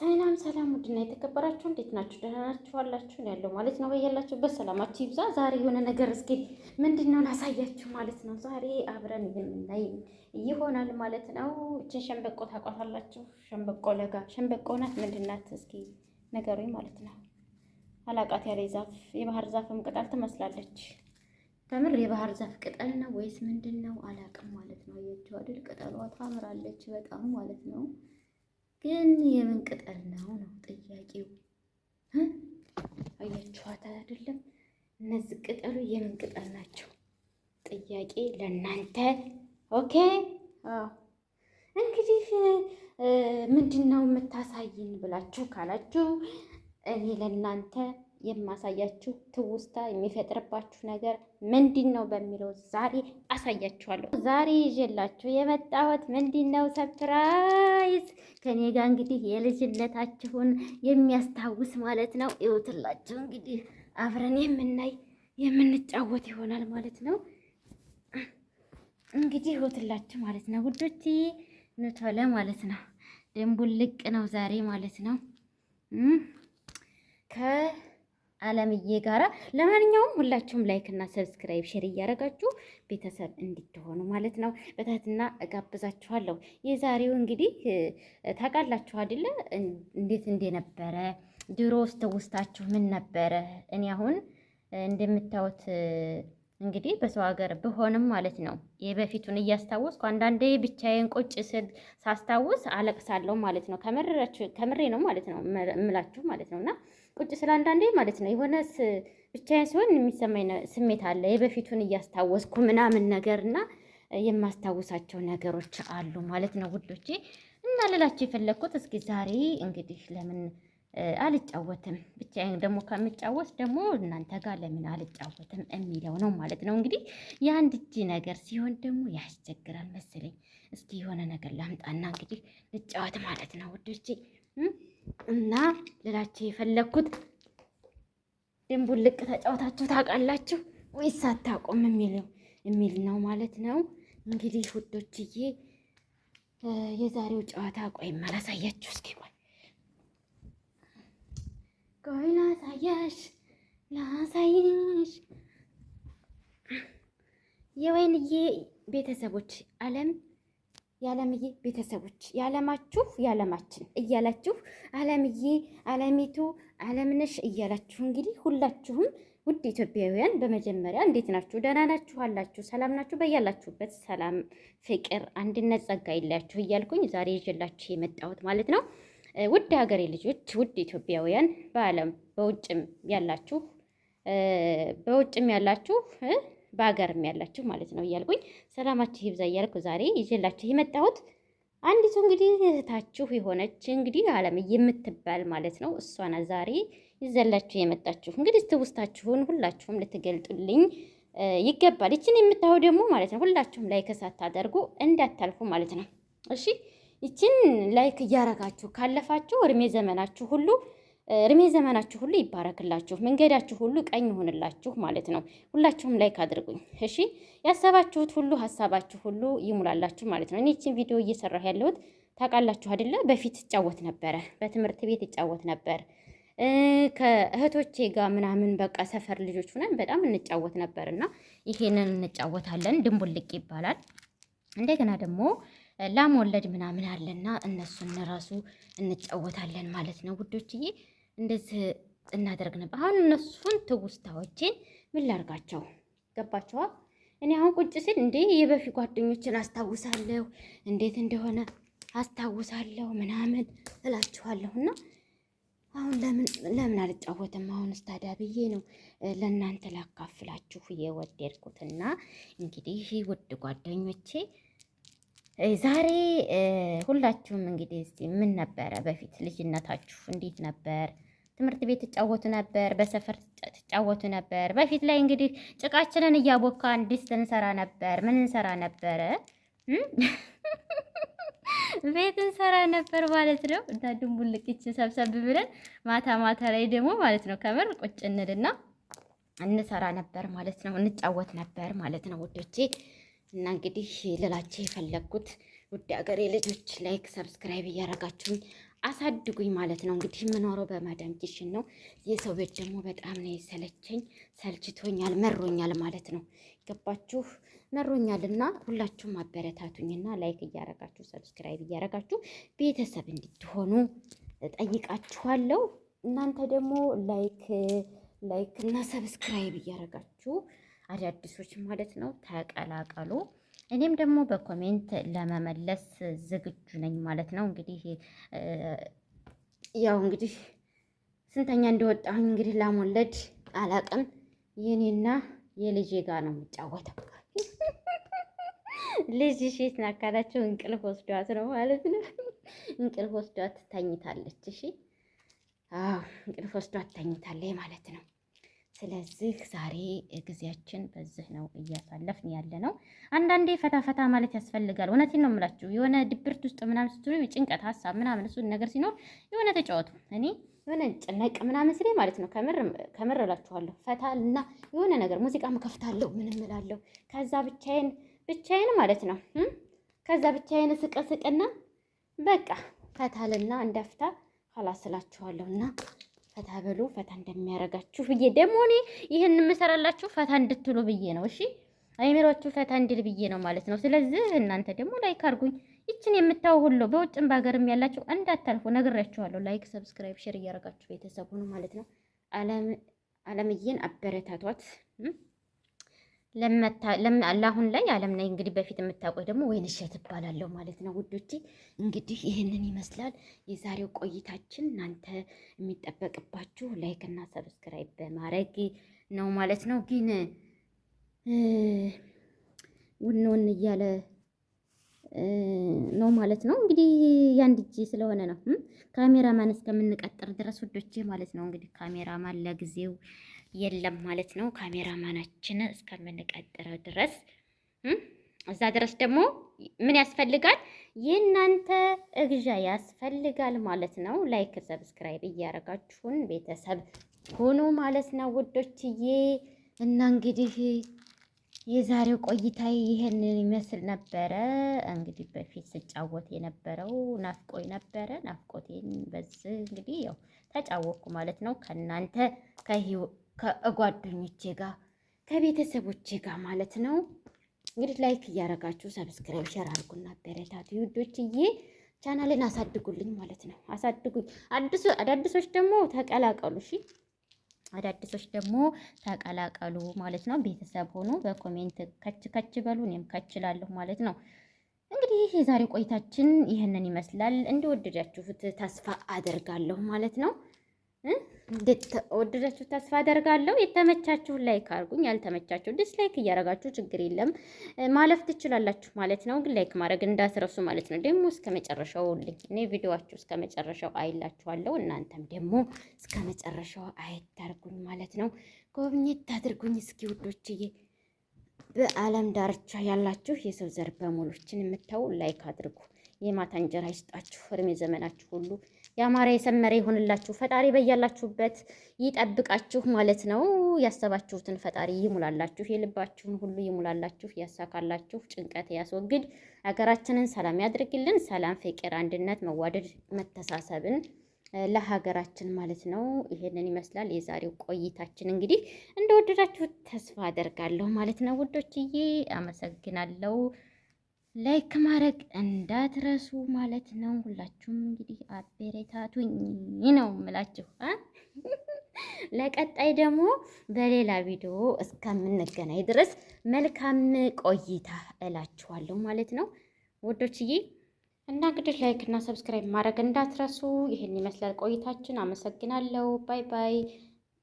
ሰላም ሰላም፣ ውድና የተከበራችሁ እንዴት ናችሁ? ደህና ናችሁ? አላችሁ ያለው ማለት ነው። በያላችሁበት ሰላማችሁ ይብዛ። ዛሬ የሆነ ነገር እስኪ ምንድን ነው ማለት ነው። ዛሬ አብረን የምናይ ይሆናል ማለት ነው። እችን ሸንበቆ ታቋታላችሁ? ሸንበቆ ለጋ ሸንበቆ ናት። ምንድን ናት? እስኪ ነገሩኝ ማለት ነው። አላቃት ያለ ዛፍ የባህር ዛፍም ቅጠል ትመስላለች። ከምር የባህር ዛፍ ቅጠል ነው ወይስ ምንድን ነው? አላቅም ማለት ነው። አያችሁ አይደል? ቅጠሏ ታምራለች በጣም ማለት ነው። ግን የምን ቅጠል ነው ነው ጥያቄው። አያችኋት አይደለም? እነዚህ ቅጠሉ የምን ቅጠል ናቸው? ጥያቄ ለእናንተ ኦኬ። እንግዲህ ምንድን ነው የምታሳይን ብላችሁ ካላችሁ እኔ ለእናንተ የማሳያችሁ ትውስታ የሚፈጥርባችሁ ነገር ምንድን ነው በሚለው ዛሬ አሳያችኋለሁ። ዛሬ ይዤላችሁ የመጣሁት ምንድን ነው ሰርፕራይዝ። ከኔ ጋር እንግዲህ የልጅነታችሁን የሚያስታውስ ማለት ነው። ይወትላችሁ እንግዲህ አብረን የምናይ የምንጫወት ይሆናል ማለት ነው። እንግዲህ ይወትላችሁ ማለት ነው ውዶች፣ ንቶለ ማለት ነው። ደንቡ ልቅ ነው ዛሬ ማለት ነው ከ አለምዬ ጋራ። ለማንኛውም ሁላችሁም ላይክ እና ሰብስክራይብ ሼር እያደረጋችሁ ቤተሰብ እንድትሆኑ ማለት ነው በትህትና እጋብዛችኋለሁ። የዛሬው እንግዲህ ታውቃላችሁ አይደለ እንዴት እንደነበረ ድሮ ውስጥ ውስጣችሁ ምን ነበረ? እኔ አሁን እንደምታዩት እንግዲህ በሰው ሀገር ብሆንም ማለት ነው የበፊቱን እያስታወስኩ አንዳንዴ ብቻዬን ቁጭ ስል ሳስታውስ አለቅሳለሁ ማለት ነው። ከምሬ ነው ማለት ነው እምላችሁ ማለት ነው። እና ቁጭ ስል አንዳንዴ ማለት ነው የሆነ ብቻዬን ሲሆን የሚሰማኝ ስሜት አለ የበፊቱን እያስታወስኩ ምናምን ነገር እና የማስታውሳቸው ነገሮች አሉ ማለት ነው ውዶቼ። እና ልላችሁ የፈለግኩት እስኪ ዛሬ እንግዲህ ለምን አልጫወትም ብቻዬን ደግሞ ከምጫወት ደግሞ እናንተ ጋር ለምን አልጫወትም የሚለው ነው ማለት ነው። እንግዲህ የአንድ እጅ ነገር ሲሆን ደግሞ ያስቸግራል መሰለኝ። እስኪ የሆነ ነገር ላምጣና እንግዲህ ልጫወት ማለት ነው ውዶቼ እና ልላችሁ የፈለግኩት ልቅ ተጫወታችሁ ታውቃላችሁ ወይስ አታውቁም የሚለው የሚል ነው ማለት ነው። እንግዲህ ውዶችዬ የዛሬው ጨዋታ ቆይማ ላሳያችሁ እስኪ ቆይ ላሳያሽ ላሳይሽ። የወይንዬ ቤተሰቦች አለም የዓለምዬ ቤተሰቦች የዓለማችሁ የዓለማችን እያላችሁ አለምዬ አለሚቱ አለምነሽ እያላችሁ እንግዲህ ሁላችሁም ውድ ኢትዮጵያውያን በመጀመሪያ እንዴት ናችሁ? ደህና ናችሁ? አላችሁ ሰላም ናችሁ? በያላችሁበት ሰላም፣ ፍቅር፣ አንድነት፣ ጸጋ ይለያችሁ እያልኩኝ ዛሬ ይዤላችሁ የመጣሁት ማለት ነው ውድ ሀገሬ ልጆች፣ ውድ ኢትዮጵያውያን፣ በዓለም በውጭም ያላችሁ በውጭም ያላችሁ በሀገርም ያላችሁ ማለት ነው እያልኩኝ ሰላማችሁ ይብዛ እያልኩ ዛሬ ይዤላችሁ የመጣሁት አንዲቱ እንግዲህ እህታችሁ የሆነች እንግዲህ አለም የምትባል ማለት ነው። እሷና ዛሬ ይዘላችሁ የመጣችሁ እንግዲህ ትውስታችሁን ሁላችሁም ልትገልጡልኝ ይገባል። ይችን የምታዩ ደግሞ ማለት ነው ሁላችሁም ላይክ ሳታደርጉ እንዳታልፉ ማለት ነው እሺ። ይችን ላይክ እያረጋችሁ ካለፋችሁ እድሜ ዘመናችሁ ሁሉ እድሜ ዘመናችሁ ሁሉ ይባረክላችሁ፣ መንገዳችሁ ሁሉ ቀኝ ይሆንላችሁ ማለት ነው። ሁላችሁም ላይክ አድርጉኝ እሺ። ያሰባችሁት ሁሉ ሀሳባችሁ ሁሉ ይሙላላችሁ ማለት ነው። እኔ ይችን ቪዲዮ እየሰራሁ ያለሁት ታውቃላችሁ አይደለ? በፊት እጫወት ነበረ፣ በትምህርት ቤት እጫወት ነበር ከእህቶቼ ጋር ምናምን በቃ ሰፈር ልጆች ሁነን በጣም እንጫወት ነበር እና ይሄንን እንጫወታለን። ድንቡልቅ ይባላል። እንደገና ደግሞ ላም ወለድ ምናምን አለና እነሱን ራሱ እንጫወታለን ማለት ነው ውዶችዬ። እንደዚህ እናደርግ ነበር። አሁን እነሱን ትውስታዎችን ምን ላርጋቸው ገባቸዋ። እኔ አሁን ቁጭ ስል እንዴ የበፊ ጓደኞችን አስታውሳለሁ፣ እንዴት እንደሆነ አስታውሳለሁ ምናምን እላችኋለሁና አሁን ለምን ለምን አልጫወትም? አሁን ስታዲያ ብዬ ነው ለእናንተ ላካፍላችሁ የወደድኩትና እንግዲህ ውድ ጓደኞቼ ዛሬ ሁላችሁም እንግዲህ እስቲ ምን ነበረ በፊት ልጅነታችሁ እንዴት ነበር? ትምህርት ቤት ትጫወቱ ነበር? በሰፈር ትጫወቱ ነበር? በፊት ላይ እንግዲህ ጭቃችንን እያቦካን ድስት እንሰራ ነበር። ምን እንሰራ ነበረ? ቤት እንሰራ ነበር ማለት ነው። እና ድንቡልቅችን ሰብሰብ ብለን ማታ ማታ ላይ ደግሞ ማለት ነው ከምር ቁጭ እንልና እንሰራ ነበር ማለት ነው። እንጫወት ነበር ማለት ነው ውዶቼ እና እንግዲህ ልላችሁ የፈለግኩት ውድ ሀገሬ ልጆች ላይክ ሰብስክራይብ እያደረጋችሁኝ አሳድጉኝ ማለት ነው። እንግዲህ የምኖረው በማዳም ኪሽን ነው። የሰው ቤት ደግሞ በጣም ነው የሰለቸኝ፣ ሰልችቶኛል፣ መሮኛል ማለት ነው። ገባችሁ? መሮኛልና ሁላችሁም አበረታቱኝና ላይክ እያረጋችሁ ሰብስክራይብ እያረጋችሁ ቤተሰብ እንድትሆኑ ጠይቃችኋለሁ። እናንተ ደግሞ ላይክ ላይክ እና ሰብስክራይብ እያረጋችሁ አዳዲሶች ማለት ነው ተቀላቀሉ። እኔም ደግሞ በኮሜንት ለመመለስ ዝግጁ ነኝ ማለት ነው። እንግዲህ ያው እንግዲህ ስንተኛ እንደወጣሁኝ እንግዲህ ላሞለድ አላቅም። የኔና የልጄ ጋር ነው የምጫወተው። ልጅ ሴት ናካላቸው እንቅልፍ ወስዷት ነው ማለት ነው። እንቅልፍ ወስዷት ተኝታለች። እሺ፣ አዎ እንቅልፍ ወስዷት ተኝታለች ማለት ነው። ስለዚህ ዛሬ ጊዜያችን በዚህ ነው እያሳለፍን ያለ ነው። አንዳንዴ ፈታ ፈታ ማለት ያስፈልጋል። እውነቴን ነው የምላችሁ። የሆነ ድብርት ውስጥ ምናምን ስትሉ ጭንቀት፣ ሀሳብ ምናምን እሱን ነገር ሲኖር የሆነ ተጫወቱ። እኔ የሆነ ጭነቅ ምናምን ስሌ ማለት ነው ከምር እላችኋለሁ። ፈታ እና የሆነ ነገር ሙዚቃም እከፍታለሁ ምን እላለሁ። ከዛ ብቻዬን ብቻዬን ማለት ነው። ከዛ ብቻዬን ስቅስቅና በቃ ፈታልና እንደፍታ ኋላ ስላችኋለሁና ፈታ በሉ ፈታ እንደሚያደርጋችሁ ብዬ ደግሞ እኔ ይህን የምሰራላችሁ ፈታ እንድትሉ ብዬ ነው። እሺ አይምሯችሁ ፈታ እንድል ብዬ ነው ማለት ነው። ስለዚህ እናንተ ደግሞ ላይክ አድርጉኝ። ይችን የምታው ሁሉ በውጭም በሀገርም ያላችሁ እንዳታልፉ ነግሬያችኋለሁ። ላይክ፣ ሰብስክራይብ፣ ሼር እያደረጋችሁ ቤተሰብ ሁኑ ማለት ነው። አለምዬን አበረታቷት። ለአሁን ላይ አለም ላይ እንግዲህ በፊት የምታውቀው ደግሞ ወይንሸት እባላለሁ ማለት ነው ውዶቼ። እንግዲህ ይህንን ይመስላል የዛሬው ቆይታችን። እናንተ የሚጠበቅባችሁ ላይክ እና ሰብስክራይብ በማድረግ ነው ማለት ነው። ግን ውን ውን እያለ ነው ማለት ነው። እንግዲህ ያንድ እጅ ስለሆነ ነው ካሜራማን እስከምንቀጥር ድረስ ውዶቼ ማለት ነው። እንግዲህ ካሜራማን ለጊዜው የለም ማለት ነው። ካሜራማናችን እስከምንቀጥረው ድረስ እዛ ድረስ ደግሞ ምን ያስፈልጋል? የእናንተ እግዣ ያስፈልጋል ማለት ነው። ላይክ ሰብስክራይብ እያደረጋችሁን ቤተሰብ ሆኖ ማለት ነው ውዶችዬ። እና እንግዲህ የዛሬው ቆይታ ይህንን ይመስል ነበረ። እንግዲህ በፊት ስጫወት የነበረው ናፍቆ ነበረ። ናፍቆቴን በዚህ እንግዲህ ያው ተጫወቅኩ ማለት ነው ከእናንተ ከጓደኞቼ ጋር ከቤተሰቦቼ ጋር ማለት ነው። እንግዲህ ላይክ እያረጋችሁ ሰብስክራይብ ሸር አድርጉና አበረታቱ ውዶችዬ፣ ቻናልን አሳድጉልኝ ማለት ነው። አሳድጉኝ። አዳዲሶች ደግሞ ተቀላቀሉ። እሺ አዳዲሶች ደግሞ ተቀላቀሉ ማለት ነው። ቤተሰብ ሆኑ። በኮሜንት ከች ከች በሉ፣ እኔም ከችላለሁ ማለት ነው። እንግዲህ የዛሬ ቆይታችን ይህንን ይመስላል። እንደወደዳችሁት ተስፋ አደርጋለሁ ማለት ነው። ወደዳችሁ ተስፋ አደርጋለሁ። የተመቻችሁ ላይክ አርጉኝ፣ ያልተመቻችሁ ዲስላይክ እያደረጋችሁ ችግር የለም ማለፍ ትችላላችሁ ማለት ነው። ግን ላይክ ማድረግ እንዳትረሱ ማለት ነው። ደግሞ እስከ መጨረሻው ልኝ እኔ ቪዲዮችሁ እስከ መጨረሻው አይላችኋለሁ። እናንተም ደግሞ እስከ መጨረሻው አይታርጉኝ ማለት ነው። ጎብኝት አድርጉኝ እስኪ ውዶችዬ። በዓለም ዳርቻ ያላችሁ የሰው ዘር በሙሎችን የምታው ላይክ አድርጉ። የማታ እንጀራ ይስጣችሁ። እድሜ ዘመናችሁ ሁሉ የአማራ የሰመረ ይሆንላችሁ። ፈጣሪ በያላችሁበት ይጠብቃችሁ ማለት ነው። ያሰባችሁትን ፈጣሪ ይሙላላችሁ፣ የልባችሁን ሁሉ ይሙላላችሁ፣ ያሳካላችሁ፣ ጭንቀት ያስወግድ፣ ሀገራችንን ሰላም ያድርግልን። ሰላም፣ ፍቅር፣ አንድነት፣ መዋደድ፣ መተሳሰብን ለሀገራችን ማለት ነው። ይሄንን ይመስላል የዛሬው ቆይታችን። እንግዲህ እንደወደዳችሁ ተስፋ አደርጋለሁ ማለት ነው ውዶችዬ። አመሰግናለሁ። ላይክ ማድረግ እንዳትረሱ ማለት ነው። ሁላችሁም እንግዲህ አበረታቱኝ ነው የምላችሁ። ለቀጣይ ደግሞ በሌላ ቪዲዮ እስከምንገናኝ ድረስ መልካም ቆይታ እላችኋለሁ ማለት ነው ወዶችዬ። እና እንግዲህ ላይክ እና ሰብስክራይብ ማድረግ እንዳትረሱ። ይህን ይመስላል ቆይታችን። አመሰግናለሁ። ባይ ባይ።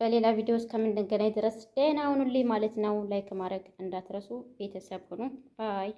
በሌላ ቪዲዮ እስከምንገናኝ ድረስ ደህና ሁኑልኝ ማለት ነው። ላይክ ማድረግ እንዳትረሱ ቤተሰብ ሁኑ። ባይ